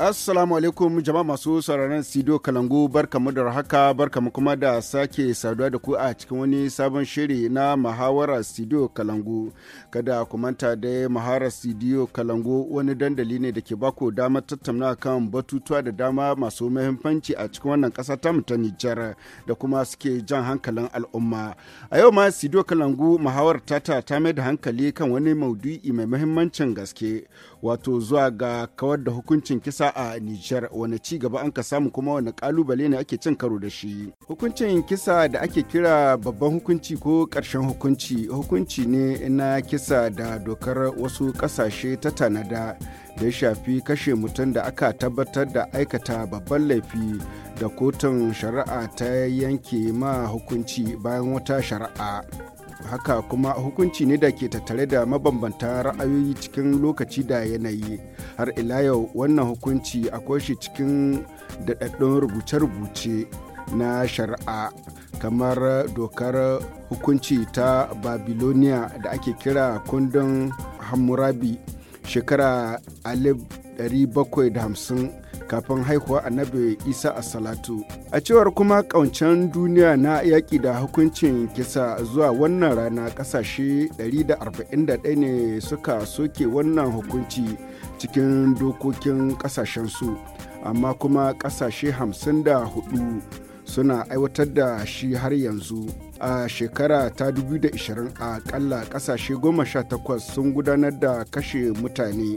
Assalamu alaikum jama'a masu sauraron Sido Kalangu barkamu da haka barkamu kuma da sake saduwa da ku a cikin wani sabon shiri na Mahawara Sido Kalangu. Kada ku manta da Mahawara Sido Kalangu wani dandali ne da ke bako damar tattauna kan batutuwa da dama masu muhimmanci a cikin wannan kasa ta ta Nijar da kuma suke jan hankalin al'umma. A yau ma Sido Kalangu muhawarar tata ta mai da hankali kan wani maudu'i mai muhimmancin gaske wato zuwa ga kawar da hukuncin kisa a Nijar wani ci gaba an ka samu kuma wani kalubale ne ake cin karo da shi. Hukuncin kisa da ake kira babban hukunci ko ƙarshen hukunci hukunci ne na kisa da dokar wasu ƙasashe ta tanada da ya shafi kashe mutum da aka tabbatar da aikata babban laifi da kotun shari'a ta yanke ma hukunci bayan wata shari'a. haka kuma hukunci ne da ke tattare da mabambanta ra'ayoyi cikin lokaci da yanayi har ila yau wannan hukunci akwai shi cikin daɗaɗɗun rubuce-rubuce na shari'a kamar dokar hukunci ta babilonia da ake kira kundin hammurabi shekara 750 kafin haihuwa annabi isa a salatu a cewar kuma ƙauncen duniya na yaƙi da hukuncin kisa zuwa wannan rana ƙasashe 141 ne suka soke wannan hukunci cikin dokokin ƙasashensu amma kuma ƙasashe 54 suna aiwatar da shi har yanzu a shekara ta 2020 a ƙalla ƙasashe 18 sun gudanar da kashe mutane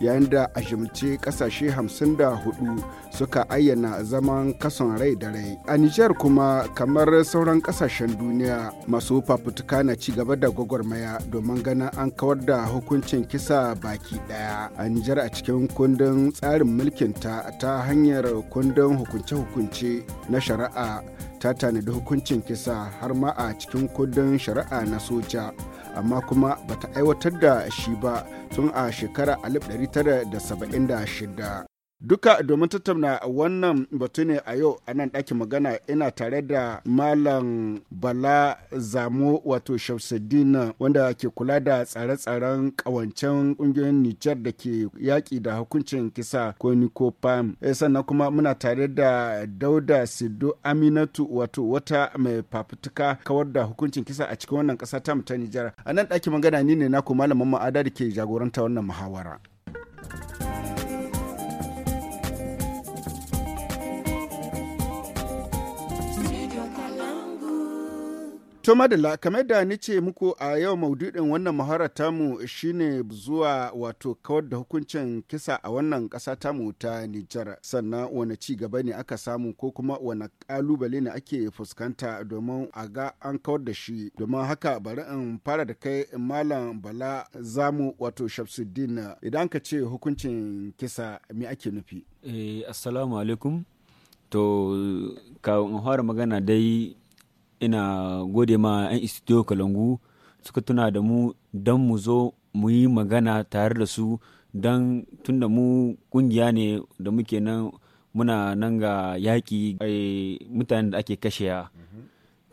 yayin da a shimce kasashe 54 suka ayyana zaman kason rai da rai a nijar kuma kamar sauran kasashen duniya masu fafutuka na ci gaba da gwagwarmaya domin ganin an kawar da hukuncin kisa baki daya a nijar a cikin kundin tsarin mulkinta ta hanyar kundin hukunce-hukunce na shari'a ta tanadi hukuncin kisa har ma a cikin kundin shari'a na soja amma kuma bata aiwatar da shi ba tun a shekara 1976 Duka domin tattauna wannan batu ne a yau a nan ɗakin magana ina tare da Malam Bala Zamo wato Shamsuddin wanda ke kula da tsare-tsaren ƙawancen ƙungiyoyin Nijar da ke yaƙi da hukuncin kisa ko Nicopam. Eh, sannan kuma muna tare da Dauda Sido Aminatu wato wata mai fafutuka kawar da hukuncin kisa a cikin wannan ƙasa ta ta Nijar. A nan ɗakin magana ni ne naku Malam Mamman Ada da ke jagoranta wannan muhawara. To madalla kamar da ni ce muku a yau maududin wannan muharar tamu shine zuwa wato kawar da hukuncin kisa a wannan kasa tamu ta Nijar sannan wani ci gaba ne aka samu ko kuma wani kalubale ne ake fuskanta domin a ga an kawar da shi domin haka bari in fara da kai malam bala zamu wato Shamsuddin idan ka ce hukuncin kisa me ake nufi? Eh assalamu alaikum to ka magana dai ina gode ma 'yan istiyo kalangu suka tuna da mu don mu zo mu yi magana tare da su don tunda mu kungiya ne da muke nan muna nan ga yaƙi eh, mutanen da ake ya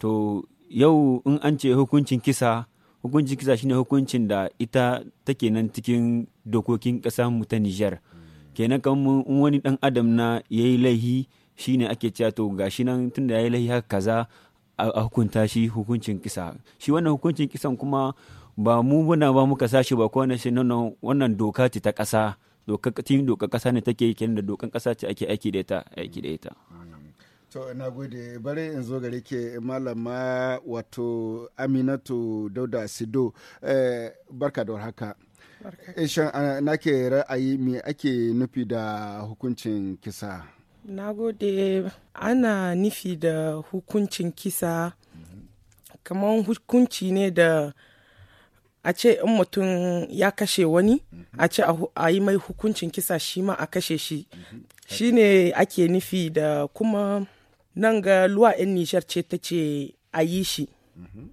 to yau in an ce hukuncin kisa hukuncin kisa shine hukuncin da ita take nan cikin dokokin ƙasa mu ta Nijar kenan kan in wani dan adam na ya yayi laihi shine ake cewa to gashi nan tunda ya yi laihi haka kaza a hukunta shi hukuncin kisa shi wannan hukuncin kisan kuma ba mu muna ba muka sashi ba ko wannan wannan doka ce ta ƙasa dokakin doka kasa ne take kenan da dokan kasa ce ake aiki da ita aiki da ita to na gode bare in zo gare ke malama wato aminatu dauda sido eh, barka da warhaka Ishan, eh, eh, nake ra'ayi me ake nufi da hukuncin kisa? na gode ana nufi da hukuncin kisa kamar hukunci ne da a ce in mutum ya kashe wani mhm. a ce a yi mai hukuncin kisa shi ma a kashe shi mhm. shi ne ake nufi da kuma nan ga luwa 'yan nijar ce ta ce a yi shi mhm.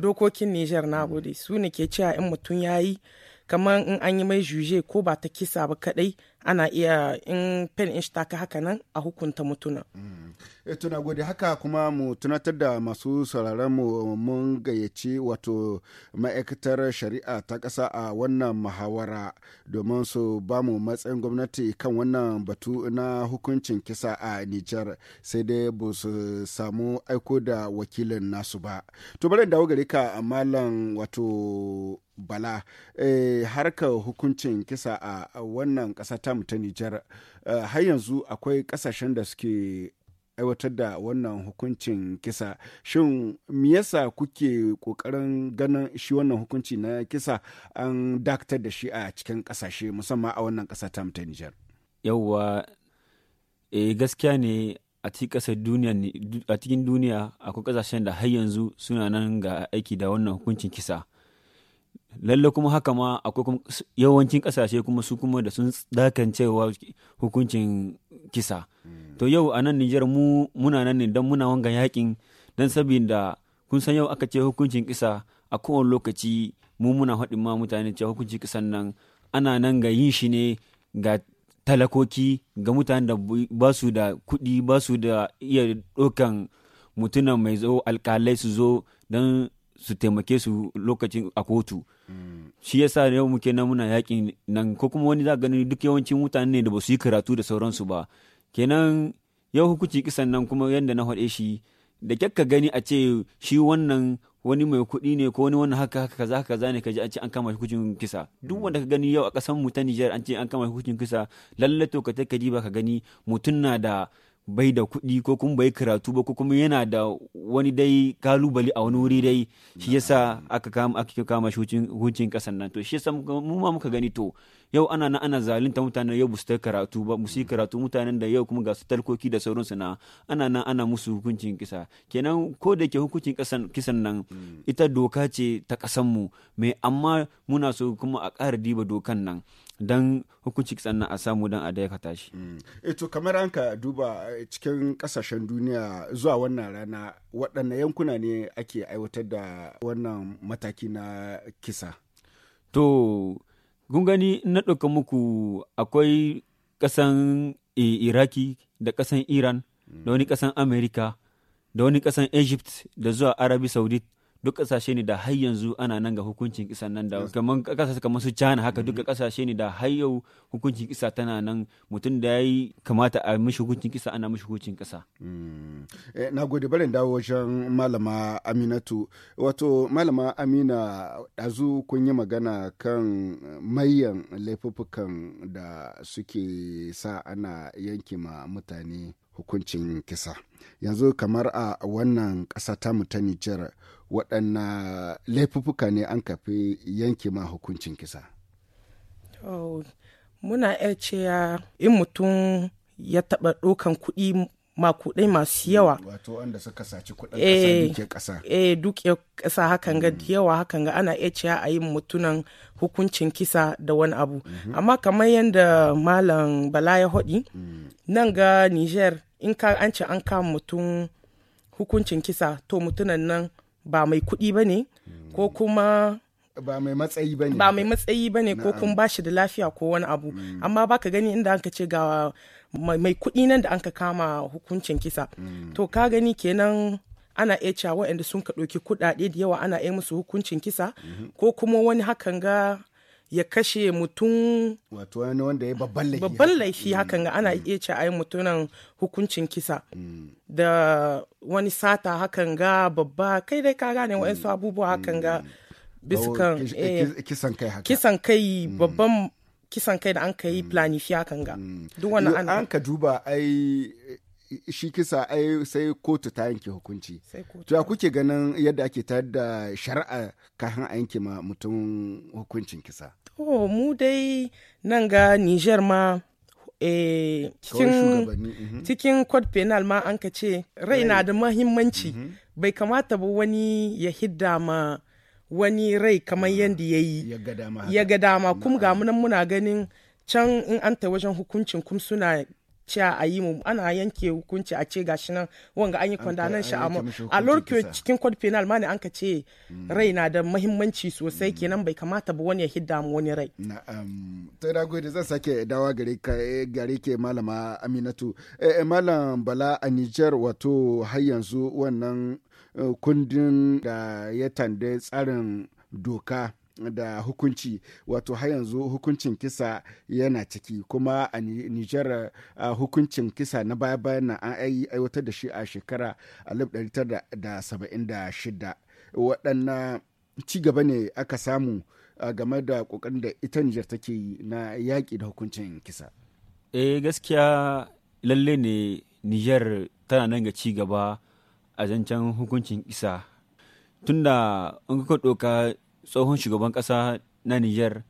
dokokin nijar na gode su ne ke cewa in mutum ya yi kamar in an yi mai juje ko ba ta kisa ba kadai ana iya in pen inch ta haka nan a hukunta mutuna. Mm. E, eh, tuna gode haka kuma mu tunatar da masu sauraron mu mun gayyaci wato ma'aikatar shari'a ta ƙasa a wannan muhawara domin su ba mu matsayin gwamnati kan wannan batu na hukuncin kisa a Nijar sai dai ba su samu aiko da wakilin nasu ba. To bari dawo gare ka malam wato bala eh, harkar hukuncin kisa a wannan ƙasa tam ta Nijar eh, har yanzu akwai kasashen da suke aiwatar da wannan hukuncin kisa shin me yasa kuke kokarin ganin shi wannan hukunci na kisa an daktar da shi a cikin kasashe musamman a wannan kasa ta ta Nijar yawwa e eh, gaskiya ne a cikin duniya akwai kasashen da har yanzu suna nan ga aiki da wannan hukuncin kisa lalle kuma haka ma akwai kuma yawancin kasashe kuma su kuma da sun dakancewa hukuncin kisa hmm. to yau a nan Nijar mu muna nan ne don muna wanga yakin don sabida kun san yau aka ce hukuncin kisa a kowane lokaci mu muna haɗin ma mutane cewa hukuncin kisan nan ana nan ga yin shi ne ga talakoki ga mutanen da ba su da kuɗi ba su da iya ɗaukan mutunan mai zo alƙalai su zo don su taimake su lokacin a kotu shi yasa yau muke nan muna yakin nan ko kuma wani za gani duk yawancin mutane ne da ba su yi karatu da sauransu ba kenan yau hukunci kisan nan kuma yadda na haɗe shi da kyakka gani a ce shi wannan wani mai kuɗi ne ko wani wannan haka haka kaza kaza ne kaji an ce an kama hukuncin kisa duk wanda ka gani yau a ƙasar mu ta Nijar an ce an kama hukuncin kisa lalle to ka ta ka ba ka gani mutum na da bai da kuɗi ko kuma bai karatu ba ko kuma yana da wani dai kalubali a wani wuri dai shi yasa aka kama aka kama hukuncin kasan nan to shi yasa mu ma muka gani to yau ana na ana zalunta mutanen yau su karatu ba musu karatu mutanen da yau kuma ga su talkoki da sauransu na ana na ana musu hukuncin kisa kenan ko da ke hukuncin kasan kisan nan hmm. ita doka ce ta kasan mu mai amma muna so kuma a ƙara diba dokan nan don hukunci kitsan a samu don a ka tashi. Mm. Eto eh, kamar an ka duba eh, cikin kasashen duniya zuwa wannan rana waɗanne yankuna ne ake aiwatar da wannan mataki na kisa. To, gungani na ɗauka muku akwai ƙasan Iraki da ƙasan Iran da wani ƙasan Amerika da wani ƙasan Egypt da zuwa Arabi saudi. duk kasashe ne da har yanzu ana nan ga hukuncin kisa nan da kamar kasashe kamar su China haka duka kasashe ne da har yau hukuncin kisa tana nan mutum da yi kamata a mishi hukuncin kisa ana mishi hukuncin kisa mm. eh, na gode barin dawo wajen malama Aminatu wato malama Amina dazu kun yi magana kan mayan laifuffukan da suke sa ana yanke ma mutane hukuncin kisa yanzu kamar a wannan ƙasa ta ta nijar waɗanna laifuffuka ne an kafi yanke ma hukuncin kisa oh, muna iya cewa in mutum ya taɓa ɗaukan kuɗi makudai masu yawa mm, wato wanda suka saci kudin kasa duke kasa eh duke kasa eh, hakan ga mm. yawa hakan ga ana iya cewa a yi mutunan hukuncin kisa da wani abu mhm. amma kamar yadda malam bala ya hodi mm. nan ga niger in ka an ce an kama mutum hukuncin kisa to mutunan nan ba mai kuɗi bane ko kuma ba mai matsayi bane ba mai matsayi bane ko kun bashi da lafiya ko wani abu mm. amma baka gani inda anka ce ga mai kuɗi nan da anka kama hukuncin kisa mm. to ka gani kenan ana iya cewa waɗanda sun ka ɗauki kuɗaɗe da yawa ana iya musu hukuncin kisa mm-hmm. ko kuma wani hakan ga ya kashe mutum wato wani wanda ya babban laifi babban laifi hakan ga ana mm. iya cewa ai mutunan hukuncin kisa da wani sata hakan ga babba kai dai ka gane wa'ansu abubuwa hakan ga bisa eh, kisan kai haka kisan kai mm. babban kisan kai da an ka yi mm. planifiya kan ga mm. duk wani an ka duba ai shi kisa ai sai kotu ta yanke hukunci to ya kuke ganin yadda ake tayar da shari'a kafin a yanke ma mutum hukuncin kisa to mu dai nan ga Niger ma eh, mhm. cikin code penal ma an ka ce rai na da mahimmanci mhm. bai kamata ba wani ya hidda ma wani rai kamar ah, yadda ya yi ya ga dama kuma ga munan muna ganin can in an ta wajen hukuncin kuma suna cewa a yi mu ana yanke hukunci a ce gashi nan wanga an yi kwandanan shi a lorke cikin code penal ma ne an ka ce hmm. rai na da mahimmanci sosai hmm. kenan bai kamata ba wani ya hidda mu wani rai na'am to da zan sake dawa gare ka eh, ke malama Aminatu eh, eh, malam Bala a Niger wato har yanzu wannan Eh, kundin da ya tande tsarin doka da hukunci wato har yanzu hukuncin kisa yana ciki kuma a Nijar hukuncin kisa na baya bayan na an aiwatar da shi a shekara 1976 waɗannan ci gaba ne aka samu game da ƙoƙarin da ita Nijar take yi na yaƙi da hukuncin kisa. Eh gaskiya lalle ne Nijar tana nan ga ci gaba a zancen hukuncin isa tunda an kuka ɗoka tsohon shugaban ƙasa na niger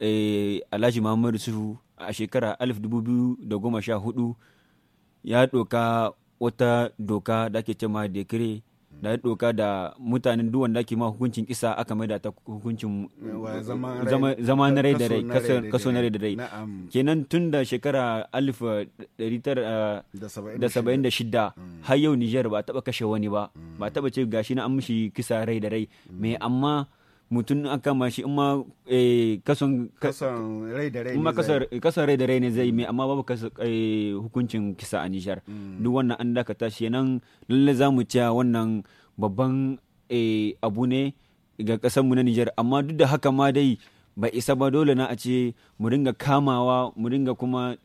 eh, alhaji muhammadu suhu a shekara 2014 ya ɗoka wata doka da ake cema dekire da ya doka da mutanen duwan da ke ma hukuncin kisa aka maida ta hukuncin zama na rai da rai kaso na rai da rai kenan tun da shekara 1976 eh, eh, mm. har yau nijiyar ba taba kashe wani ba ba taba ce gashi na an mishi kisa rai da rai mai mm. amma mutum an kama shi in ma kason rai da rai ne zai mai amma babu eh, hukuncin kisa a Nijar mm. duk wannan an dakata shi nan lalle za mu cewa wannan babban eh, abu ne ga mu na Nijar amma duk da haka ma dai ba isa ba dole na a ce mu ringa kamawa mu ringa kuma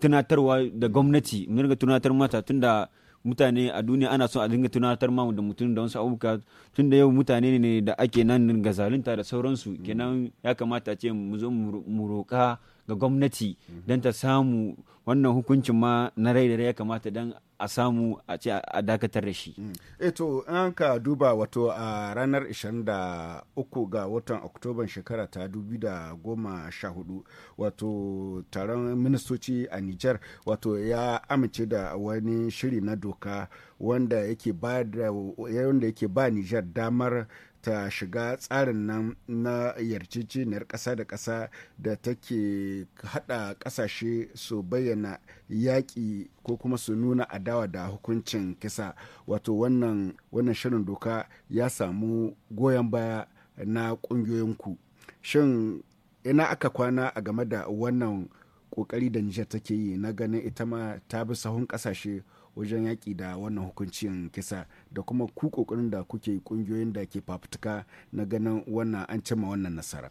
tunatarwa da gwamnati mu ringa tunatar mata tunda mutane a duniya ana son a dinga tunatar ma da mutum da wasu abubuwa tun da yau mutane ne da ake nan ga zalunta da sauransu mm-hmm. kenan ya kamata ce mu zo mu roƙa ga gwamnati don ta samu wannan hukuncin ma na rai da ya kamata don a samu a ce a dakatar da shi. Mm. Eto eh, an ka duba wato a ranar 23 ga watan Oktoban shekara ta 2014 wato taron ministoci a Nijar wato ya amince da wani shiri na doka wanda yake ba Nijar damar ta shiga tsarin nan na yarjejeniyar ƙasa da ƙasa da take haɗa ƙasashe su bayyana yaƙi ko kuma su nuna adawa da hukuncin kisa wato wannan wannan shirin doka ya samu goyon baya na ƙungiyoyinku shin ina aka kwana a game da wannan ƙoƙari da nijar take yi na ganin ita ma ta bi sahun ƙasashe wajen yaƙi da wannan hukuncin kisa da kuma ku ƙoƙarin da kuke ƙungiyoyin da ke fafutuka na ganin wannan an cimma wannan nasara.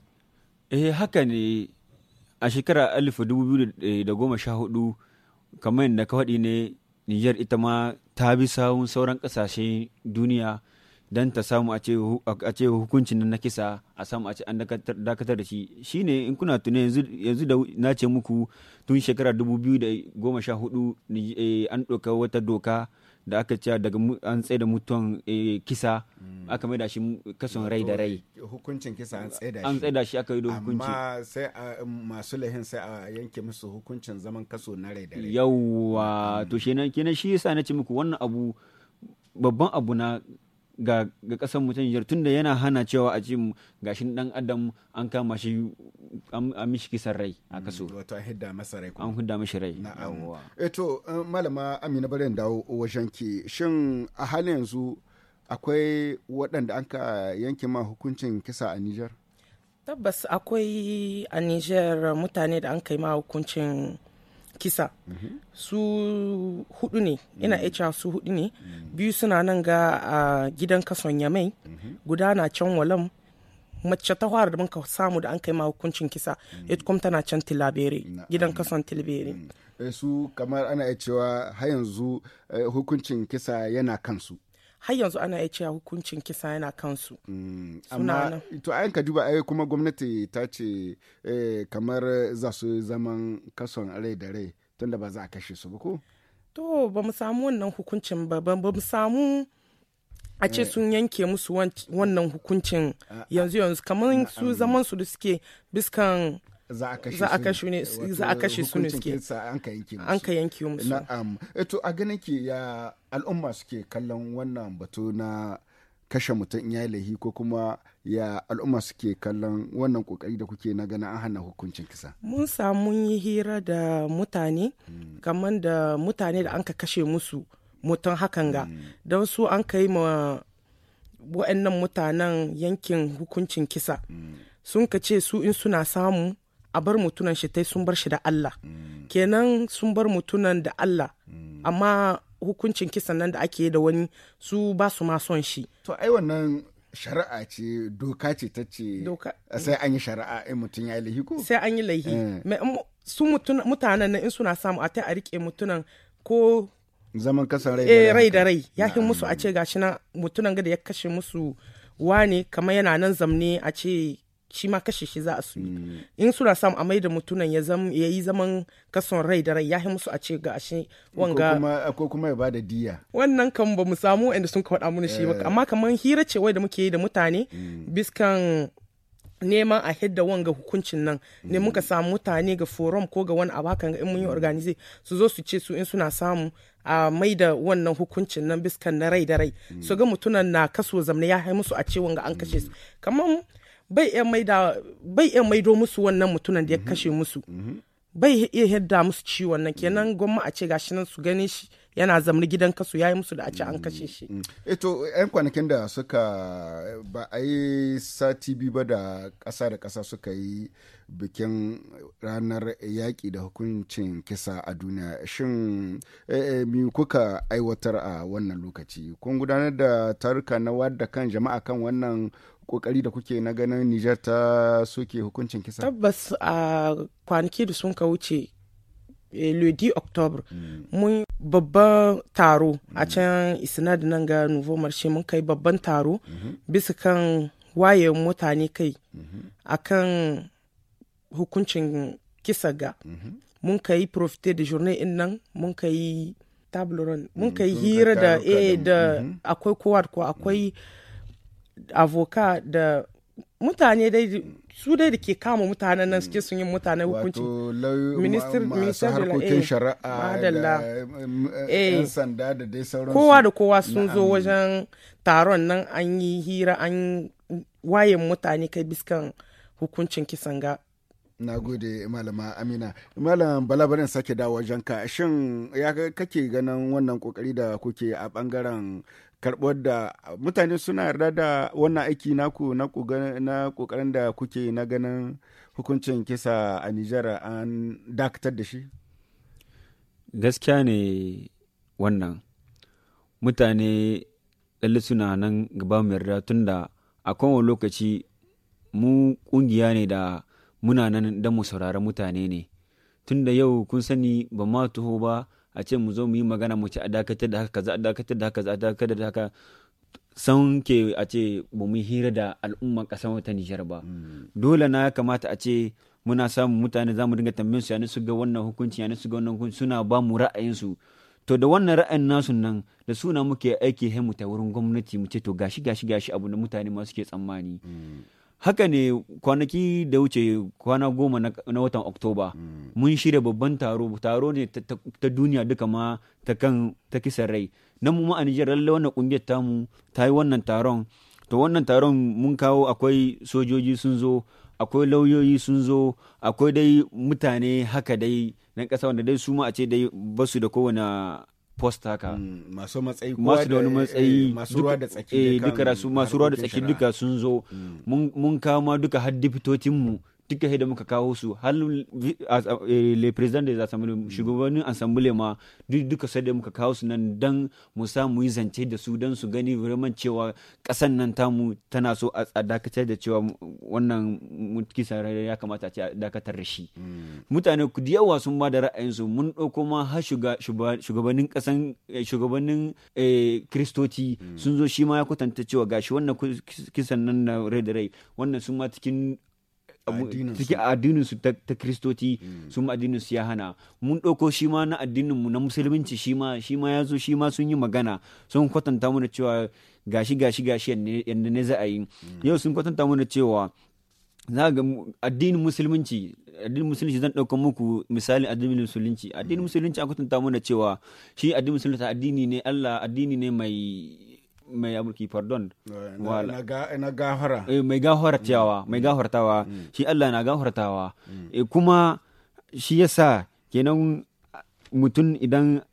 Eh haka ne a shekara eh, goma sha 2014 kamar yadda ka faɗi ne Nijar ita ma ta bi sawun sauran ƙasashen duniya don ta samu a ce hukuncin nan na kisa a samu a ce an dakatar da shi shi ne in kuna tuni yanzu da na ce muku tun shekara 2014 eh, an doka wata doka da aka ce daga an tsaye da mutuwan eh, kisa hmm. aka mai da shi kason rai da rai hukuncin kisa an tsaye da shi an tsaye da shi aka yi da hukunci amma sai masu lahin sai a yanke musu hukuncin zaman kaso na rai da rai yawwa hmm. to kenan shi yasa na ce muku wannan abu babban abu na ga kasan mutum ta tun tunda yana hana cewa a ce gashin dan adam an kama shi a mishi kisan rai a mm, kaso wato an hidda masa rai an hidda mishi rai na'am eto eh eh, malama Amina bare dawo wajen ki shin a halin yanzu akwai waɗanda an ka yanke ma hukuncin kisa a Nijar tabbas akwai a Nijar mutane da an kai ma hukuncin kisa mhm. su hudu ne mhm. ina iya su hudu ne mhm. biyu suna nan ga a gidan kason yamai guda na can walam mace ta da muka samu da an kai ma hukuncin kisa ita kuma tana can tilabere gidan kason tilabere eh, su kamar ana cewa har yanzu eh, hukuncin kisa yana kansu har yanzu ana iya cewa hukuncin kisa yana kansu. Mm, amma to ayan ka duba ai kuma gwamnati ta ce eh, kamar za su zaman kason rai da rai tunda ba za a kashe su ba ko? To ba mu samu wannan hukuncin ba ba mu samu a ce eh. sun yanke musu wannan hukuncin yanzu yanzu kamar su zaman su da suke biskan za a kashe su ne suke an ka yanke musu na'am eh, to a ganin ki ya al'umma suke kallon wannan batu na kashe mutum ya lahi ko kuma ya al'umma suke kallon wannan kokari da kuke na gana an hana hukuncin kisa mun samu yi hira da mutane hmm. kamar da mutane da an ka kashe musu mutum hakan ga hmm. don su an kai ma wa'annan mutanen yankin hukuncin kisa hmm. sun ka ce su in suna samu a bar mutunan shi tai sun bar shi da Allah kenan sun bar mutunan da Allah amma hukuncin kisan nan da ake da wani su ba su ma son shi to ai wannan shari'a ce doka ce ta ce sai an yi shari'a in mutum ya yi laihi ko sai an yi laihi eh. su mutanen nan in suna samu a ta a rike mutunan ko zaman kasan rai da eh, rai da rai ya fi musu a ce gashi na mutunan ga da ya kashe musu wane kamar yana nan zamne a ce shi ma kashe shi za a su yi mm. in suna samu a maida mutunan ya yi zaman kason rai da rai ya musu a ce ga ashe wanga ko kuma ya bada diya wannan kan ba mu samu inda sun ka faɗa mana shi ba eh. amma kamar hira ce wai da muke yi da mutane mm. biskan neman a hidda wanga hukuncin nan ne mm. muka samu mutane ga forum ko ga wani abakan in mun yi organize su zo su ce su in suna samu a mai da wannan hukuncin nan biskan na rai da rai su ga mutunan na kaso zamna ya haimu musu a ce wanga an kashe su kamar bai iya maido musu wannan mutunan da ya mhm. kashe musu mhm. bai iya yadda musu ciwon nan kenan mhm. gwamma a ce gashi nan su gane shi yana zamni gidan kasu ya yi musu da a ci an mm, kashe shi. Mm. Eto eh, yan kwanakin da suka ba a yi sati biyu ba da ƙasa da ƙasa suka yi bikin ranar yaƙi da hukuncin kisa a duniya shin eh, eh, mi kuka aiwatar a wannan lokaci kun gudanar da taruka na wadda kan jama'a kan wannan kokari da kuke na ganin Nijar ta soke hukuncin kisa? Tabbas a kwanaki da sun ka wuce Eh, le 10 octobre mm. mun babban taro a mm. can isnad nan ga nouveau marché mun kai babban taro mm-hmm. bisa kan waye mutane kai mm-hmm. akan hukuncin kisa ga mm-hmm. mun kai profiter da journée in nan mun kai tabloron mm, mun kai hira da eh da akwai kowar ko akwai avoka da mutane dai su dai da ke kama mutanen nan suke sun yi mutanen hukunci minister minister eh, da harkokin shari'a eh, yan sanda da dai sauransu kowa da kowa sun zo wajen taron nan an yi hira an waye mutane kai biskan hukuncin kisan ga na gode malama amina malam bala sake dawo wajen ka shin ya kake ganin wannan kokari da kuke a bangaren karɓar da mutane suna yarda da wannan aiki naku na ƙoƙarin da kuke na ganin hukuncin kisa a Nijar an dakatar da shi? Gaskiya ne wannan mutane ɗalli suna nan gaba mu yarda tun da a kowane lokaci mu ƙungiya ne da muna nan don mu saurari mutane ne tun da yau kun sani ba ma tuho ba a ce mu zo mu yi magana mu ce a dakatar da haka kaza a dakatar da haka kaza a dakatar da haka san ke a ce ba mu hira da al'umman kasar wata Nijar ba hmm. dole na ya kamata a ce muna samun mutane za mu dinga tambayin su yana su ga wannan hukunci yana su ga wannan hukunci suna ba mu ra'ayin su to da wannan ra'ayin nasu nan da suna muke aiki mu ta wurin gwamnati mu ce to gashi gashi gashi abu da mutane ma suke tsammani mm. haka ne kwanaki da wuce kwana goma na watan oktoba hmm. mun shirya babban taro taro ne ta duniya duka ma ta kan ta kisan rai nan mu a Nijar lallai wannan kungiyar tamu ta yi wannan taron to wannan taron mun kawo akwai sojoji sun zo akwai lauyoyi sun zo akwai dai mutane haka dai na kasa wanda dai su ma a ce dai basu da kowane post haka mm, masu matsayi masu da wani matsayi eh, eh, masu ruwa da tsaki duka masu ruwa da tsaki duka sun zo mm. mun kama duka har dipitotin mu duka da muka kawo su har eh, le president da shugabannin assembly ma duka sai da muka kawo su nan dan mu samu yi zance da su dan su gani vraiment cewa kasan nan tamu tana so a dakatar da cewa wannan kisa ya kamata a dakatar da shi mm. mutane ku da yawa sun ba da su mun ɗauko ma har shugabannin kasan eh, shugabannin eh, kristoci mm. sun zo shi ma ya kwatanta cewa gashi wannan kisan nan na rai da rai wannan sun ma cikin suke a addinin su ta kristoci hmm. Sun addinin su ya hana mun ɗauko shi ma na addinin mu na musulunci shi ma shi ma ya zo shi ma sun yi magana sun kwatanta mana cewa gashi gashi gashi yadda ne za a yi hmm. yau sun kwatanta mana cewa za ga addinin musulunci addinin musulunci zan ɗauka muku misalin addinin musulunci addinin hmm. musulunci an kwatanta mana cewa shi addinin musulunci addini ne Allah addini ne mai mai amurki pardon na eh, mai gafartawa mm. mai gafartawa mm. shi Allah na gafartawa mm. eh, kuma shi yasa kenan mutum idan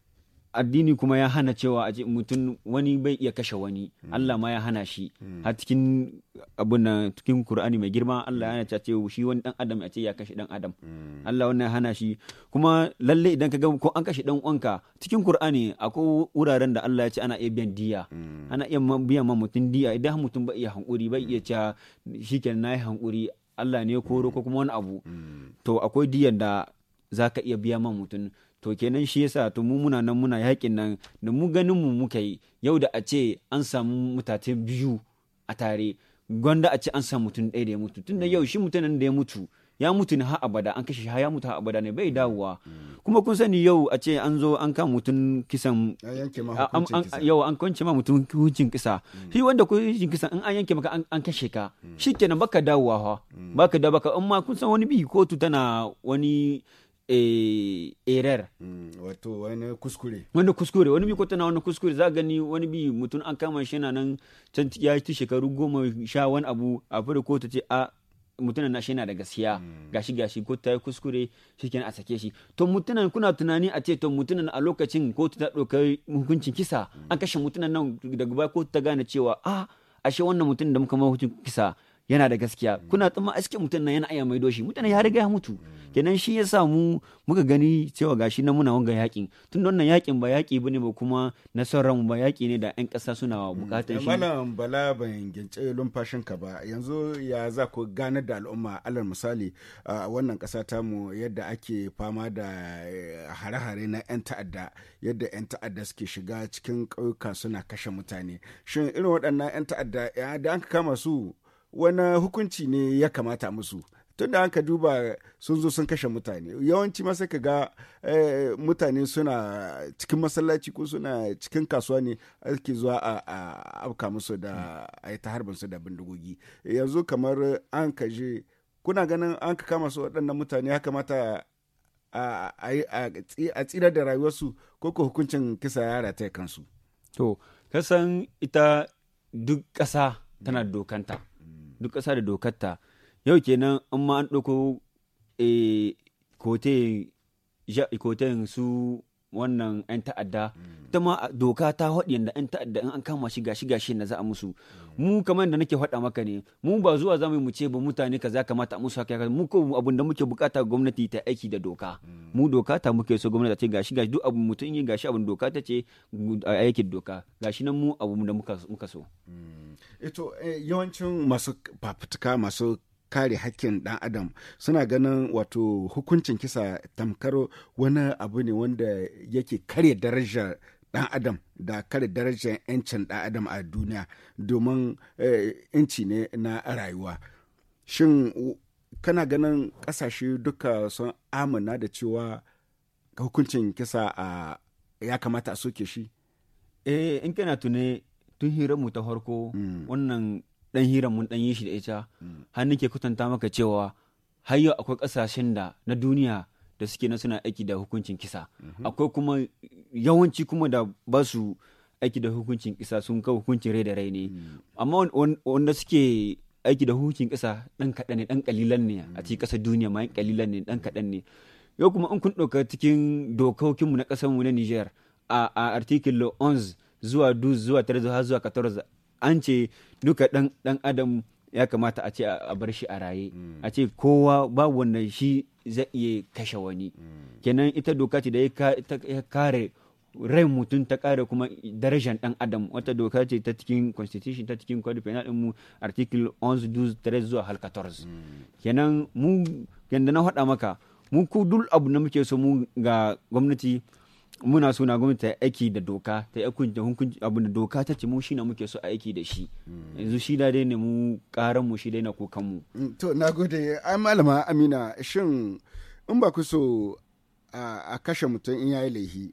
addini kuma ya hana cewa a mutum wani bai iya kashe wani hmm. Allah ma ya hana shi hmm. har cikin abun nan cikin Qur'ani mai girma Allah ya hana ta ce shi wani dan adam ya ce ya kashe dan adam hmm. Allah wannan ya hana shi kuma lalle idan ka ga ko an kashe dan uwanka cikin Qur'ani akwai wuraren da Allah ya ce ana iya biyan diya ana iya biyan ma mutum diya idan mutum bai iya hankuri bai iya cewa shikenan nayi hankuri Allah ne ya koro ko kuma wani abu to akwai diyan da zaka iya biya ma mutum to kenan shi yasa to mu muna nan muna yakin nan da mu ganin mu muka yi yau da a ce an samu mutane biyu a tare gwanda a ce an samu mutum ɗaya da ya mutu tunda yau shi mutumin da ya mutu ya mutu ne har abada an kashe har ya mutu har abada ne bai dawowa mm. kuma kun sani yau a ce an zo an kama mutum kisan yau an kwance ma mutum hukuncin kisa mm. shi wanda hukuncin kisa in an yanke maka an kashe ka mm. kenan baka dawowa fa baka da baka amma kun san wani bi kotu tana wani Eh, erer mm, wato wani kuskure wani kuskure wani bi ko tana wani kuskure za gani wani bi mutum an kama shi na nan can ya ci shekaru goma sha wani abu a fara ko ta ce a mutumin na shi na da gaskiya mm. gashi gashi ko ta yi kuskure kenan a sake shi to mutunan kuna tunani a ce to mutunan a lokacin ko ta ɗauka hukuncin kisa an mm. kashe mutunan nan daga baya ko ta gane cewa a ashe wannan mutum da muka mahukuncin kisa yana da gaskiya mm. kuna tsamma a cikin mutum nan yana aya maido shi mutane ya riga ya mutu mm. kenan shi ya samu muka gani cewa gashi na muna wanga yakin tun wannan yakin ba yaki bane ba kuma na son ba yaki ne da yan kasa suna mm. bukatar shi mana bala ban gince lumfashin ka ba yanzu ya za ku ganar da al'umma alal misali a wannan kasa ta mu yadda ake fama da eh, hare-hare na yan ta'adda yadda yan ta'adda suke shiga cikin ƙauyuka suna kashe mutane shin irin waɗannan yan ta'adda da an kama su wani hukunci ne ya kamata musu tun da ka duba sun zo sun kashe mutane yawanci masa ka ga eh, mutane suna cikin masallaci ko suna cikin kasuwa ne ake zuwa a afka musu da a yi ta su da bindigogi yanzu kamar an ka je kuna ganin an ka kama su waɗannan mutane ya kamata a tsira da rayuwarsu ko ko hukuncin kisa yara ta kansu to kasan ita duk ƙasa tana dokanta duk ƙasa da dokarta yau kenan in ma an ɗauko eh, kote su wannan 'yan ta'adda mm. ta ma doka ta haɗi yadda 'yan ta'adda in an kama shi gashi gashi na za a musu mu kamar da nake faɗa maka ne mu ba zuwa za mu ce ba mutane kaza kamata musu haka mu ko abun da muke bukata gwamnati ta aiki da doka hmm. mu doka ta muke so gwamnati ta ce gashi gashi duk abun mutun yin gashi abun doka ta ce aikin doka gashi nan mu abun da muka so ito hmm. eh, yawancin masu fafutuka masu kare hakkin ɗan adam suna ganin wato hukuncin kisa tamkar wani abu ne wanda yake kare darajar ɗan adam da kare darajar 'yancin ɗan adam a duniya domin eh, 'yanci ne na rayuwa shin kana ganin ƙasashe duka sun amina da cewa hukuncin kisa a ya kamata a soke shi eh in kana tuni tun hirar mu ta farko mm. wannan dan hiran mun dan yi shi da ita mm. har ke kutanta maka cewa har yau akwai ƙasashen da na duniya da suke na suna aiki da hukuncin kisa mhm. akwai kuma yawanci kuma da ba su aiki da hukuncin kisa sun ka hukuncin rai da rai ne hmm. amma wanda suke aiki da hukuncin kisa dan kaɗan ne dan kalilan ne a cikin ƙasar duniya ma kalilan ne dan kaɗan ne yau kuma in kun ɗauka cikin dokokinmu na ƙasarmu na Niger a article 11 zuwa 12 zuwa 13 zuwa 14 an ce duka dan adam ya kamata a ce a bar shi a raye mm. a ce kowa ba wannan shi zai iya kashe wani mm. kenan ita doka ce da ya kare rai mutum ta kare kuma darajar dan adam wata doka ce ta cikin constitution ta cikin code penal din mu article 11 12 13 zuwa 14 mm. kenan mu yanda na faɗa maka mu ku dul abu na muke so mu ga gwamnati muna so na gwamnati ta aiki da doka ta da hukunci abin da doka ta ce mu shi na muke so aiki da shi hmm. yanzu shi dai ne mu karan mu shi dai na kokan mu hmm, to gode ai malama amina shin in ba ku so a kashe mutum in yayi laihi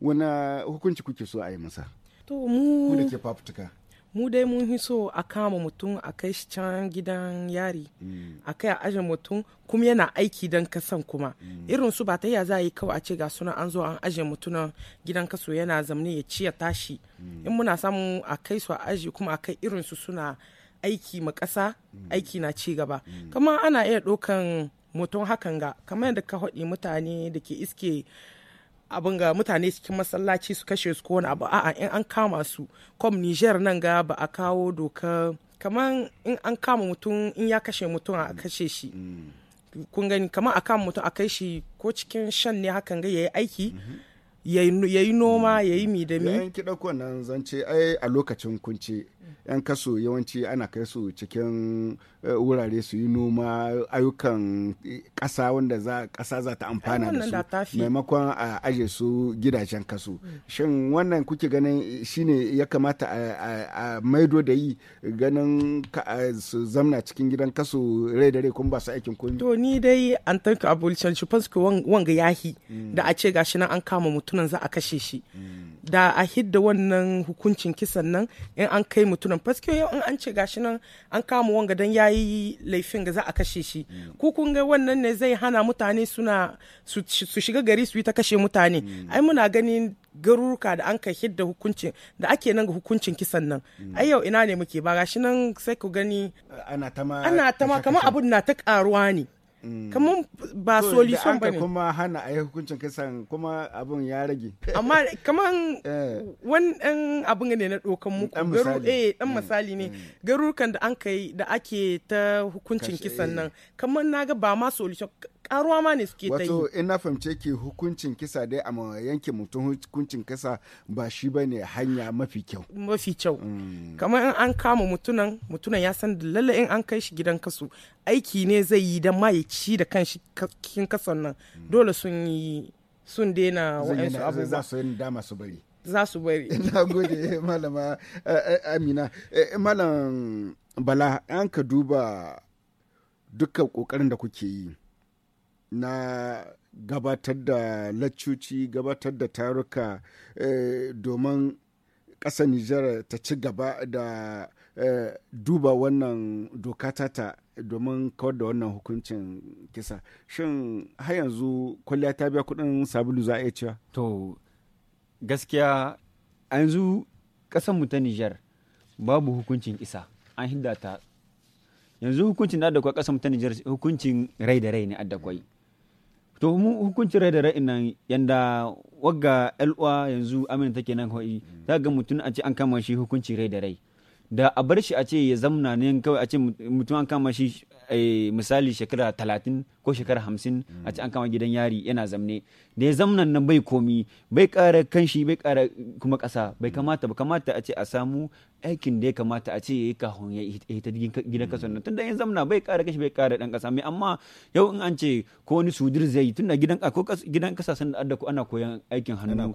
wani hukunci kuke so a yi masa to mu da ke fafutuka mu dai mun fi so a kama mutum a kai shi can gidan yari mm. a kai a ajin mutum kuma yana aiki don kasan kuma mm. irin su ba ta ya za a yi kawai a ce ga suna an zo an aje mutunan gidan kaso yana zamani ya ci ya tashi mm. in muna samu a kai su a aji kuma a kai irin su suna aiki ma kasa aiki na ci gaba kamar ana iya ɗaukan mutum hakan ga kamar yadda ka haɗi mutane da ke iske abin ga mutane cikin masallaci su kashe su ko wani abu a'a in an kama su kom Niger nan ga ba a kawo doka kamar in an kama mutum in ya kashe mutum a kashe shi kun gani kamar a kama mutum a kai shi ko cikin shan ne hakan ga yayi aiki ya yi noma yayi yi mi da mi yan kiɗa wannan zance ai a lokacin kunce yan kaso yawanci ana kai su cikin Eh, wurare su yi noma ayyukan eh, ƙasa wanda ƙasa za ta amfana da su maimakon a aje su gidajen kasu mm. shin wannan kuke ganin shine ya kamata a maido da yi ganin su zamna cikin gidan kasu rai da rai kuma ba su aikin komi to ni dai an tanka abulcan shi fansu wanga yahi mm. da a ce gashi nan an kama mutunan za a kashe shi mm. da a hidda wannan hukuncin kisan nan in an kai mutunan faske an ce gashi nan an kama wanga dan ya yi laifin ga za a kashe shi ku kun ga wannan ne zai hana mutane suna su shiga gari su yi ta kashe mutane mm. ai muna ganin garuruka da an kai hidda hukuncin da ake nan ga hukuncin kisan nan mm. ai yau ina ne muke ba gashi nan sai ku gani ana tama kamar abun na ta karuwa ne Mm. kamar ba solution ba ne kuma hana a yi hukuncin kasan kuma abin ya rage amma kamar eh. wannan abin ne na ɗokan muku garu eh dan mm. misali ne mm. garurukan da an kai da ake ta hukuncin kisan eh. nan kamar na ga ba ma solution karuwa ma ne suke ta yi wato ina fahimce ke hukuncin kisa dai a yanke mutum hukuncin kisa ba shi ba ne hanya mafi kyau mafi kyau mm. kamar in an kama mutunan mutunan ya san lalle in an kai shi gidan kasu aiki ne zai yi da ma ya ci da kan shi kin kasan nan mm. dole sun yi sun daina wa'ansu abubuwa za su yi dama su bari za su bari. Na gode malama eh, eh, Amina. Eh, malam Bala, an ka duba dukkan kokarin da kuke yi. na gabatar da laccuci gabatar da taruka eh, domin ƙasa Nijar ta ci gaba da eh, duba wannan doka ta domin kawar da wannan hukuncin kisa shin har yanzu kwalliya ta biya kudin sabulu za a iya cewa to gaskiya a yanzu mu ta nijar babu hukuncin kisa an hidda ta yanzu hukuncin da adakwai mu ta nijar hukuncin rai da rai ne adakwai to mu hukuncin rai da rai nan yanda wagga uwa yanzu amina take nan hoyi za ga mutum a ce an kama shi hukuncin rai da rai da a bar shi a ce ya zamna ne kawai a ce mutum an kama shi eh, misali shekara talatin ko shekara hamsin a ce an kama gidan yari yana zamne da ya zamna nan bai komi bai kara kanshi bai kara kuma kasa bai kamata ba kamata a ce a samu aikin da ya kamata a ce ya yi kahun ya hita gidan kaso nan tunda in zamna bai kara kashi bai kara dan kasa mai amma yau in an ce ko wani sudir zai yi tunda gidan ko gidan kasashen da ko ana koyan aikin hannu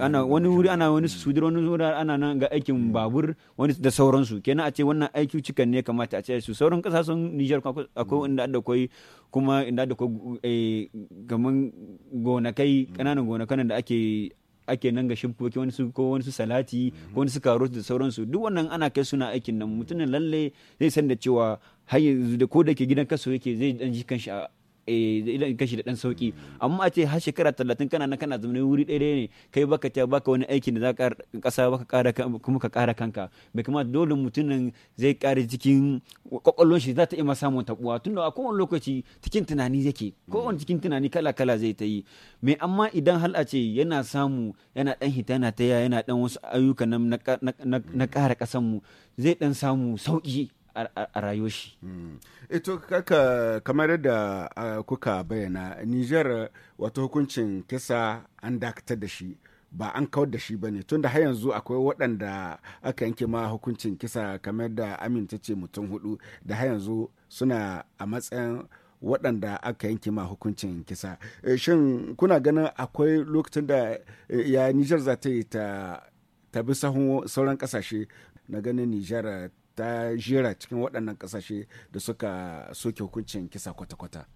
ana wani wuri ana wani sudir wani wuri ana nan ga aikin hmm. babur wani da sauransu kenan a ce wannan aiki cikan ne kamata a ce su sauran kasashen Niger akwai hmm. inda da koyi kuma inda da koyi eh, kaman gonakai kananan hmm. gonakan da ake ake nan ga shimfoki wani su ko wani su salati ko wani su karoti da sauransu duk wannan ana kai suna aikin nan mutumin lalle zai san da cewa har da ko da ke gidan kaso yake zai dan ji kanshi Eh, idan kashi da dan sauki amma a ce har shekara talatin kana nan kana zaune wuri ɗaya ne kai baka ta baka wani aikin da za ka kasa baka ƙara kuma ka ƙara kanka bai kamata dole mutumin zai ƙara cikin kwakwalwar shi za ta iya samun tabuwa tun da a kowane lokaci cikin tunani yake kowane cikin tunani kala kala zai ta yi mai amma idan hal a ce yana samu yana dan hita yana ta yana dan wasu ayyuka na kara kasan mu zai dan samu sauki a rayuwar shi. Ito hmm. eh, kaka kamar yadda kuka bayyana Nijar wata hukuncin kisa an dakatar da shi ba an kawar da shi ba ne tunda har yanzu akwai waɗanda aka yanke ma hukuncin kisa kamar da ta ce mutum hudu da har yanzu suna a matsayin waɗanda aka yanke ma hukuncin kisa eh, shin kuna ganin akwai lokacin da ya nijar za ta yi ta bi sauran ƙasashe na ganin nijar ta jira cikin waɗannan ƙasashe da suka soke hukuncin kisa kwata-kwata.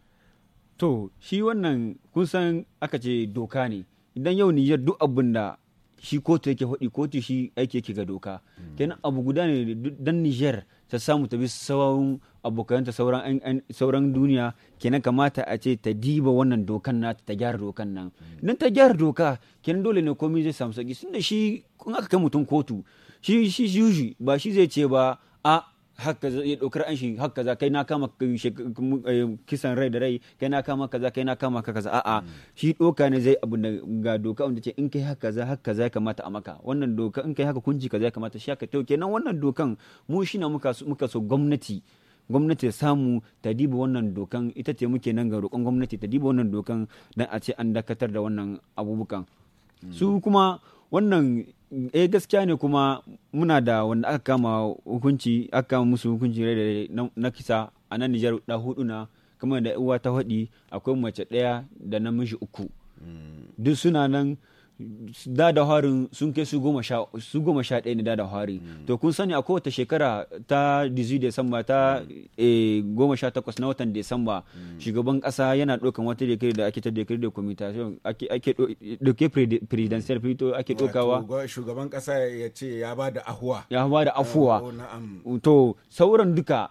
To, shi wannan kun san aka ce doka ne, idan yau Nijar duk abin da shi kotu yake faɗi kotu shi aiki yake ga doka. Hmm. Kenan abu guda ne dan Nijar ta samu ta bi sauran abokanta sauran duniya kenan kamata a ce ta diba wannan dokan na ta gyara dokan nan hmm. idan ta gyara doka kenan dole ne komai zai samu sauki da shi kun aka kai mutum kotu shi shi juji ba shi zai ce ba a haka ya ɗaukar an shi haka za kai na kama eh, kisan rai da rai kai na kama kaza kai na kama kaza a'a shi doka ne zai abu ga doka wanda ce in kai haka za haka za kamata a maka wannan doka in kai haka kunci kaza ya kamata shi haka to kenan wannan dokan mu shi na muka so gwamnati gwamnati ya samu ta diba wannan dokan ita ce muke nan ga roƙon gwamnati ta diba wannan dokan dan a ce an dakatar da wannan abubukan su kuma wannan eh gaskiya ne kuma muna da wanda aka kama hukunci aka kama musu hukunci rai da na kisa a nan Nijar da hudu na kamar da uwa ta faɗi akwai mace ɗaya da namiji uku mm. duk suna nan da da harin sun kai su goma sha su goma ɗaya ne da da harin hmm. to kun sani a kowace shekara ta 18 Desamba ta hmm. eh, goma sha takwas na watan Desamba hmm. shugaban ƙasa yana ɗaukan wata dekari da ake ta dekari da communication ake ɗauke presidential fito ake ɗaukawa shugaban ƙasa ya ce ya ba da ahuwa ya ba da afuwa oh, to sauran duka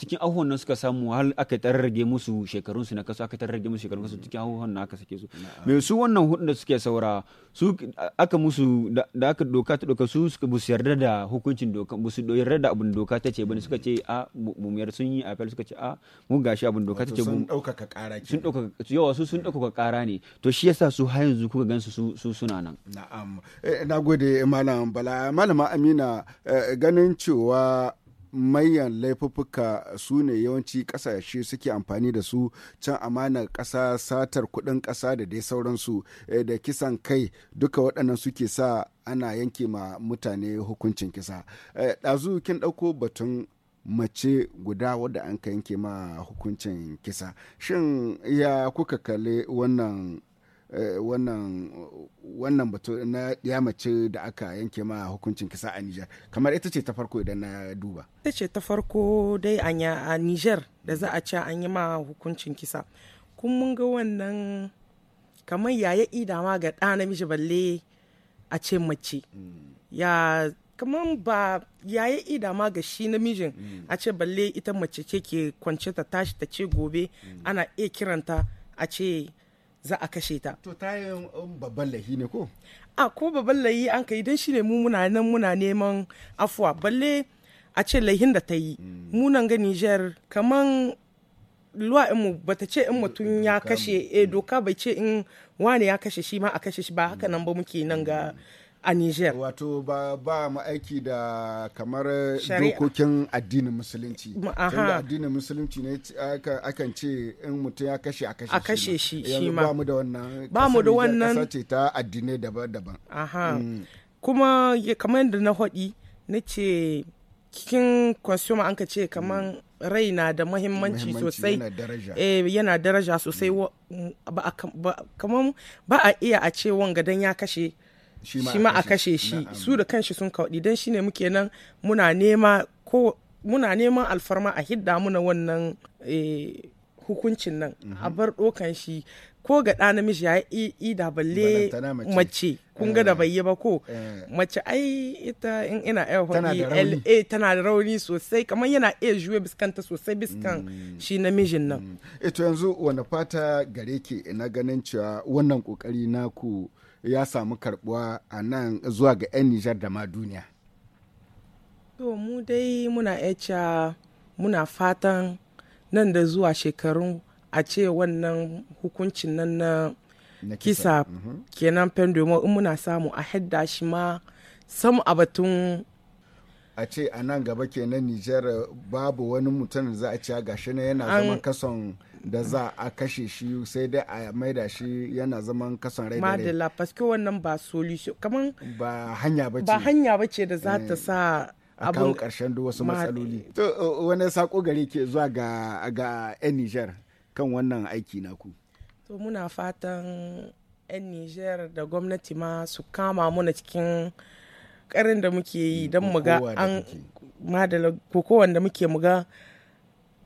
cikin ahuwan nan suka samu har aka tarrage musu shekarun su na kasu aka tarrage musu shekarun kasu cikin ahuwan nan aka sake su me su wannan hudun da suke saura su aka musu da aka doka ta doka su suka bu yarda da hukuncin doka busu yarda da abin doka ta ce bane suka ce a mu yar sun yi apel suka ce a mu gashi abin doka ta ce sun daukaka kara sun dauka yawa su sun daukaka kara ne to shi yasa su har yanzu kuka gansu su su suna nan na'am eh, nagode malam bala malama amina eh, ganin cewa manyan laifuffuka su ne yawanci kasashe suke amfani da su can amana kasa satar kudin kasa da dai sauransu eh, da kisan kai duka waɗannan suke sa ana yanke ma mutane hukuncin kisa eh, ɗazu kin ɗauko batun mace guda wadda an ka yanke ma hukuncin kisa shin ya kuka kalli wannan Eh, wannan batu na yamace da aka yanke ma hukuncin kisa a Nijar kamar ita ce ta farko idan na duba ita ce ta farko dai a Nijar da za a ce an yi ma hukuncin kisa kun mun ga wannan kamar yaya idama ga ɗa namiji balle a ce mace mm. ya kamar ba yayi idama ga shi namijin mm. a ce balle ita mace ce ke kwance ta tashi ta ce gobe mm. ana iya kiranta a ce za a kashe ta to ta yi um, babban lahi ne ko a ko babban lahi an kai don shine mu muna nan muna neman afuwa balle a ce lahin da ta yi mm. munan ga nijar kaman luwa mu bata ce in mutum mm, ya kashe e doka bai ce in wane ya kashe shi ma a kashe shi ba haka mm. nan ba muke nan ga a Niger. Wato ba ba mu aiki da kamar dokokin addinin musulunci. Tunda addinin musulunci ne akan ce in mutum ya kashe a kashe shi. A kashe shi shi ma. Ba mu da wannan. Ba mu da wannan. Kasa ce ta addinai daban-daban. Aha. Mm. Kuma kamar yadda na haɗi na ce cikin consumer an ka ce kamar mm. rai na da mahimmanci sosai yana daraja eh, sosai mm. ba a iya a ce wanga dan ya kashe shi ma a kashe shi su da kanshi sun kauɗi don shine muke nan muna neman alfarma a hidda muna wannan eh, hukuncin nan mhm. a bar ɗokan shi ko ga ɗa namiji ya yi ida balle mace kun ga da bai ba ko eh. mace ai ita in ina la tana da rauni sosai kamar yana iya juya biskanta sosai biskan mm. shi namijin nan ito mm. eh, yanzu wani fata gare ke na ganin cewa wannan kokari naku ya samu karbuwa a nan zuwa ga 'yan nijar da ma duniya to mu dai muna echa muna fatan nan da zuwa shekarun a ce wannan hukuncin nan na kisa mhm. kenan pendulum in muna samu a hadda shi ma samu a batun a ce a nan gaba kenan Nijar babu wani mutum za a ce gashi na yana zaman kason da za a kashe shi sai dai a maida shi yana zaman kasan rai da rai paske wannan ba solution kaman ba hanya bace ba hanya bace da za ta eh, sa a kawo karshen duk wasu matsaloli to wani sako gare ke zuwa ga ga yan Niger kan wannan aiki naku to muna fatan 'yan niger da gwamnati ma su kama muna cikin karin da muke yi mm, don muga an madala ko da muke muga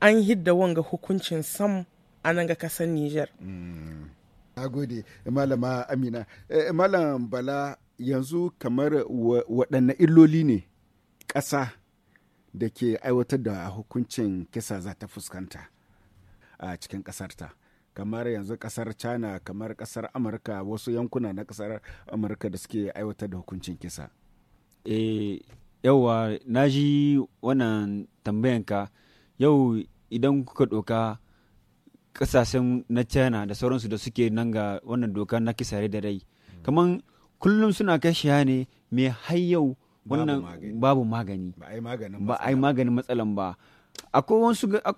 an hidda wanga hukuncin sam a nan ga kasar Nijar. Mm. Na gode, Malama Amina. Eh, Malam Bala yanzu kamar waɗanne illoli ne ƙasa da ke aiwatar da hukuncin kisa za ta fuskanta a cikin ƙasarta. kamar yanzu kasar china kamar kasar amurka wasu yankuna na kasar amurka da suke aiwatar da hukuncin kisa e, yauwa na ji wannan tambayanka yau idan kuka doka kasashen na china da sauransu da suke nan ga wannan doka na kisare da rai hmm. kamar kullum suna kashiya ne mai har wannan babu magani ba a yi maganin matsalan ba akwai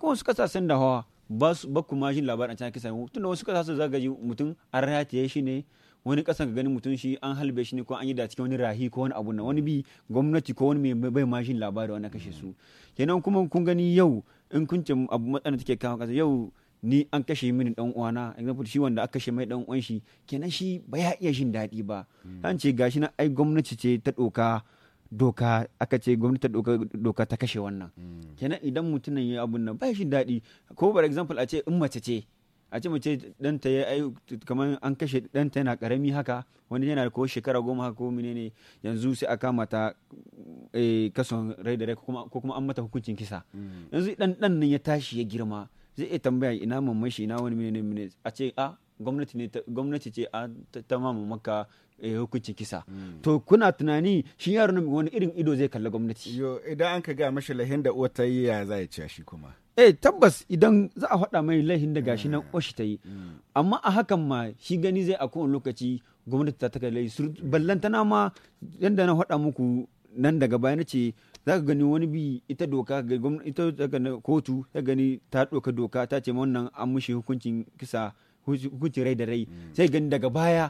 wasu kasashen da hawa ba kuma jin labarin cikin kisa tunda wasu kasashen za ji mutum an rataye shi ne wani kasan ka ganin mutum shi an halbe shi ne ko an yi da cikin wani rahi ko wani abu na wani bi gwamnati ko wani mai bai mashin jin labarin wannan kashe su hmm. kenan kuma kun gani yau in kun ce abu matsala take kawo kasa yau ni an kashe mini dan uwana example shi wanda aka kashe mai dan uwan shi kenan shi ba ya iya jin daɗi ba hmm. an ce gashi na ai gwamnati ce ta doka doka aka ce gwamnati ta doka doka ta kashe wannan hmm. kenan idan mutumin ya abun nan ba shi daɗi ko for example a ce in mace ce a ce mace ɗanta ya ai kamar an kashe ɗanta yana karami haka wani yana ko shekara goma haka ko menene yanzu sai aka mata eh, kason rai da rai ko kuma an mata hukuncin kisa mm. yanzu ɗan ɗan nan ya tashi ya girma zai iya tambaya ina mamman shi ina wani menene mine a ce a gwamnati ne gwamnati ce a ta mamu maka eh, hukuncin kisa mm. to kuna tunani shi yaron wani irin ido zai kalla gwamnati yo idan an ka ga mashi lahin da uwa ta yi ya za ci shi kuma eh tabbas idan za a faɗa mai laihin da gashi nan oshi eh. ta yi mm. amma a hakan ma shi gani zai a kowane lokaci gwamnati ta taka laihi ballantana ma yadda na faɗa muku nan daga baya na ce za ka gani wani bi ita doka ita daga kotu ta gani ta doka doka ta ce wannan an mushi hukuncin kisa hukuncin rai da rai mm. sai gani daga baya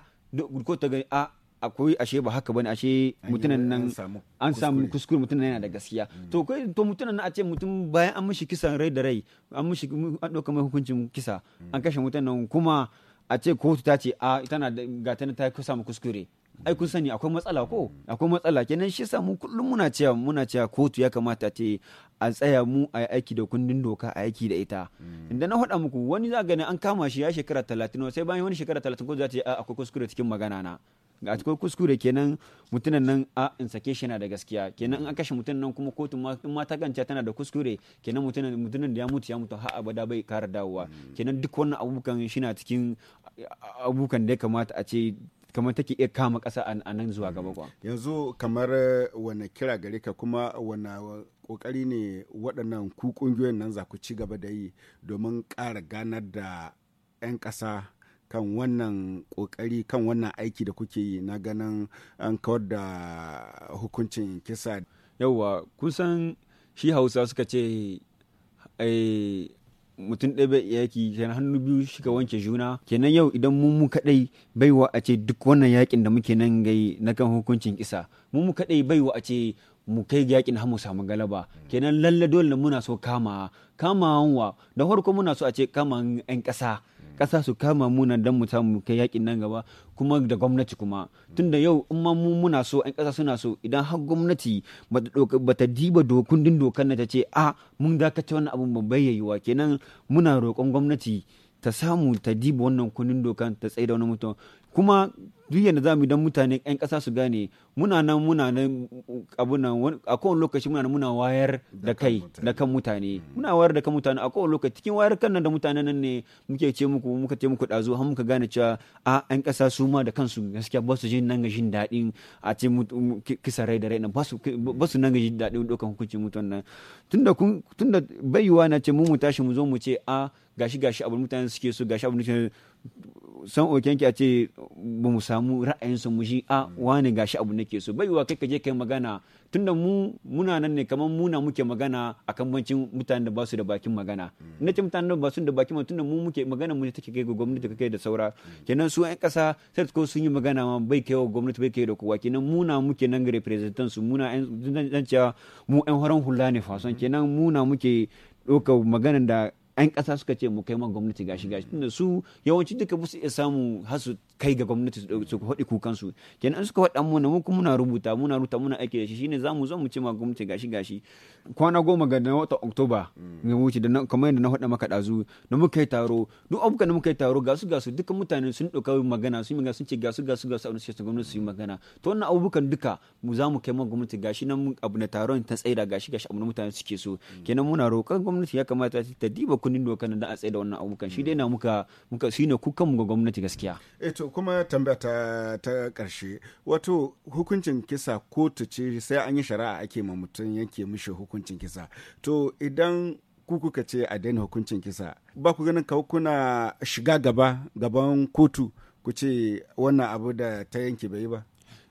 ko ta gani a akwai ashe ba haka bane ashe mutunan nan an samu kuskure mutunan yana da gaskiya mm. to kai to mutunan nan a ce mutum bayan an mishi kisan rai da rai an mishi an dauka mai hukuncin kisa mm. an kashe mutunan nan kuma a ce kotu ta ce a tana da gata ta samu kuskure mm. ai kun sani akwai matsala ko akwai matsala kenan shi sa mu kullum muna cewa muna cewa kotu ya kamata ta a tsaya mu a aiki da kundin doka a aiki da ita inda na hada muku wani za gani an kama shi ya shekara talatin sai bayan wani shekara talatin ko za ta yi akwai kuskure cikin magana na ga akwai kuskure kenan mutunan nan a in sake shi na da gaskiya kenan in an kashe mutumin nan kuma kotun ma ta ganta tana da kuskure kenan mutunan da ya mutu ya mutu har abada bai kara dawowa kenan duk wannan abubukan shi na cikin abubukan da ya kamata a ce kamar take iya kama kasa a nan zuwa gaba kwa mm. yanzu kamar wani kira gare ka kuma wani kokari ne waɗannan ku kungiyoyin nan za ku ci gaba da yi domin ƙara ganar da 'yan ƙasa kan wannan kokari kan wannan aiki da kuke yi na ganin an kawar da hukuncin kisa yauwa kusan shi hausa suka ce mutum ɗaya bai yaki kenan hannu biyu shi ka wanke juna kenan yau idan mun mu kaɗai baiwa a ce duk wannan yakin da muke nan gai na kan hukuncin kisa mun mu kaɗai baiwa a ce mu kai yakin har mu samu galaba kenan lalle dole muna so kama kamawan wa da farko muna so a ce kama yan ƙasa kasa su kama mu nan dan mu samu kai yakin nan gaba kuma da gwamnati kuma tunda yau in ma mu muna so ƴan kasa suna so idan har gwamnati bata diba dokundin dokar na ta ce a mun dakace wannan abun ban bayyayewa kenan muna roƙon gwamnati ta samu ta diba wannan kundin dokan ta tsaida da wani mutum kuma duk yadda za mu dan mutane yan ƙasa su gane muna nan muna nan abu nan a kowane lokaci muna nan muna wayar da kai da kan mutane hmm. muna wayar da kan mutane a kowane lokaci cikin wayar kan nan da mutane nan ne muke ce muku muka ce muku dazu har muka gane cewa a yan ƙasa su ma da kansu gaskiya ba su jin nan ga jin daɗin a ce kisa rai da rai nan ba su nan ga jin daɗin ɗaukan hukuncin mutuwan nan tunda kun tunda bayuwa na ce mu mu tashi mu zo mu ce a gashi gashi abin mutane suke so gashi abin mutane san ki a ce ba mu samu ra'ayinsa mu shi a wani gashi abu nake so bai wa kai ka je kai magana tunda mu muna nan ne kamar muna muke magana akan bancin mutanen da ba su da bakin magana ina hmm. ce mutanen da ba su da bakin magana tunda mu muke magana mu ne take kai ga gwamnati kai da saura kenan su ƴan ƙasa sai ko sun yi magana ma bai kai wa gwamnati bai kai da kowa kenan muna muke nan ga representant su muna ƴan cewa mu ƴan horon hula ne son kenan muna muke ɗaukar maganan da 'yan ƙasa suka ce mu kai ma gwamnati gashi gashi tunda su yawanci duka ba su iya samu har su kai ga gwamnati su faɗi kukan su kenan suka faɗa mu mu kuma muna rubuta muna rubuta muna aiki da shi shine zamu zo mu ce ma gwamnati gashi gashi kwana goma ga na watan oktoba ga mm. wuce da kamar yadda na faɗa maka ɗazu na muka kai taro duk abubuwan da muka kai taro gasu gasu duka mutane sun ɗauka magana sun yi sun ce gasu gasu gasu a wani gwamnati su yi magana to wannan abubuwan duka mu za mu kai ma gwamnati gashi nan abu na taron ta tsaida gashi gashi abu na mutane suke so mm. kenan muna roƙon gwamnati ya kamata ta diba kun kundin doka da a tsaye da wannan abubuwan shi dai mm. na muka muka shi ne kukan mu ga gwamnati gaskiya eh kuma tambaya ta ta karshe wato hukuncin kisa kotu ce sai an yi shari'a ake ma mutum yanke mishi hukuncin kisa to idan ku kuka ce a daina hukuncin kisa ba ku ganin kawo kuna shiga gaba gaban kotu ku ce wannan abu da ta yanke bai ba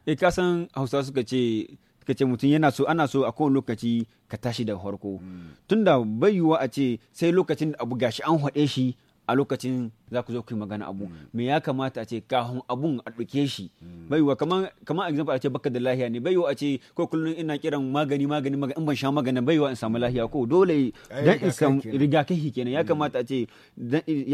eh kasan hausa suka ce suka ce mutum yana so ana so a kowane lokaci ka tashi da farko hmm. tunda bai yiwuwa a ce sai lokacin da abu gashi an haɗe shi a lokacin za ku zo ku yi magana abu hmm. me ya kamata a ce kahun abun a ɗauke shi hmm. bai wa kamar kamar example a ce baka da lahiya ne bai wa a ce ko kullum ina kiran magani magani magani in ban sha magani bai wa in samu lahiya ko dole dan in samu rigakafi kenan ya hmm. kamata a ce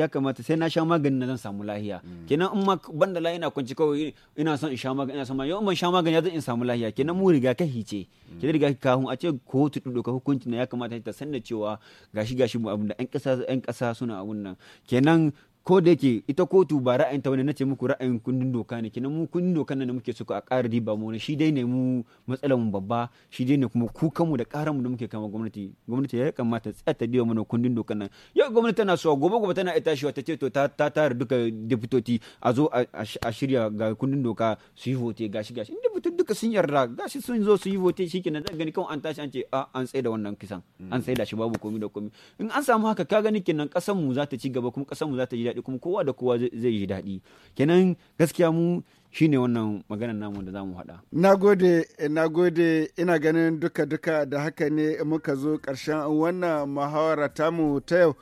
ya kamata sai na sha magani na zan samu lahiya kenan in ma da lahiya ina kwanci kawai ina son in sha magani ina son magani in ban sha magani zan in samu lahiya kenan mu rigakafi ce kenan rigakafi kahun a ce ko tu ka hukunci na ya kamata ta san cewa gashi gashi mu abin da ƴan ƙasa suna abun nan kenan ko da yake ita kotu ba ra'ayin ta wani nace muku ra'ayin kundin doka ne kenan mu kundin doka nan da muke suka a ƙara riba mu shi dai ne mu matsalar mu babba shi dai ne kuma mu da ƙaran mu da muke kama gwamnati gwamnati ya kamata tsaya ta diba mana kundin doka nan yau gwamnati tana so gobe gobe tana ita shiwa ta ce to ta tara duka deputoti a zo a shirya ga kundin doka su yi vote gashi gashi in deputoti duka sun yarda gashi sun zo su yi vote kenan zan gani kawai an tashi an ce a ah, an tsaye da wannan kisan an tsaye da shi babu komi da komi in an samu haka ka gani kenan ƙasar mu za ta ci gaba kuma ƙasar mu za ta ji daɗi kuma kowa da kowa zai yi daɗi kenan gaskiya mu shine wannan maganar namu da zamu haɗa nagode gode ina ganin duka duka da haka ne muka zo ƙarshen wannan muhawara tamu ta yau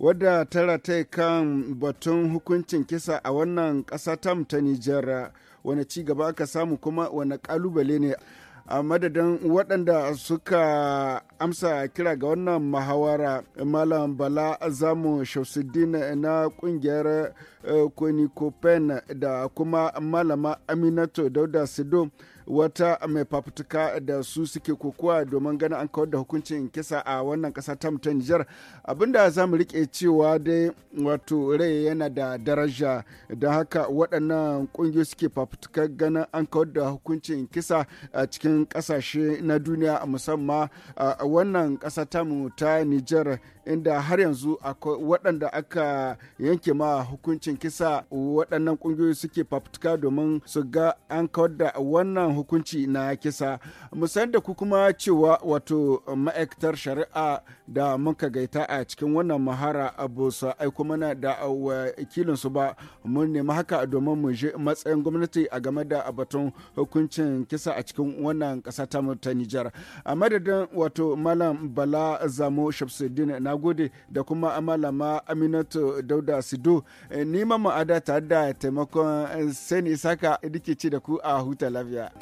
wadda ta rataye kan batun hukuncin kisa a wannan ƙasa tam ta Nijar wani ci gaba aka samu kuma wani ƙalubale ne a madadin waɗanda suka amsa kira ga wannan muhawara malam bala zamu shausuddin na ƙungiyar konikopen eh, da kuma malama aminato dauda sido wata mai fafutuka da su suke kokowa domin ganin an kawar da hukuncin kisa a wannan kasa ta mutum Nijar abinda za mu rike cewa dai wato rai yana da daraja da haka waɗannan ƙungiyoyi suke fafutuka ganin an kawar da hukuncin kisa a cikin ƙasashe na duniya musamman a wannan ƙasa ta ta Nijar inda har yanzu akwai waɗanda aka yanke ma hukuncin kisa waɗannan ƙungiyoyi suke fafutuka domin su ga an kawar da wannan wannan hukunci na kisa musayar da ku kuma cewa wato eh, ma'aikatar shari'a da muka gaita a cikin wannan mahara eh, abu su aiko mana da eh, wakilinsu ba mun nemi haka domin mu je matsayin gwamnati a game da batun hukuncin kisa a cikin wannan kasa ta ta Nijar. A madadin wato Malam Bala Zamo Shamsuddin na gode da kuma Malama Aminatu Dauda Sido ni ma ma'ada tare da taimakon Sani Saka dike ci da ku a huta lafiya.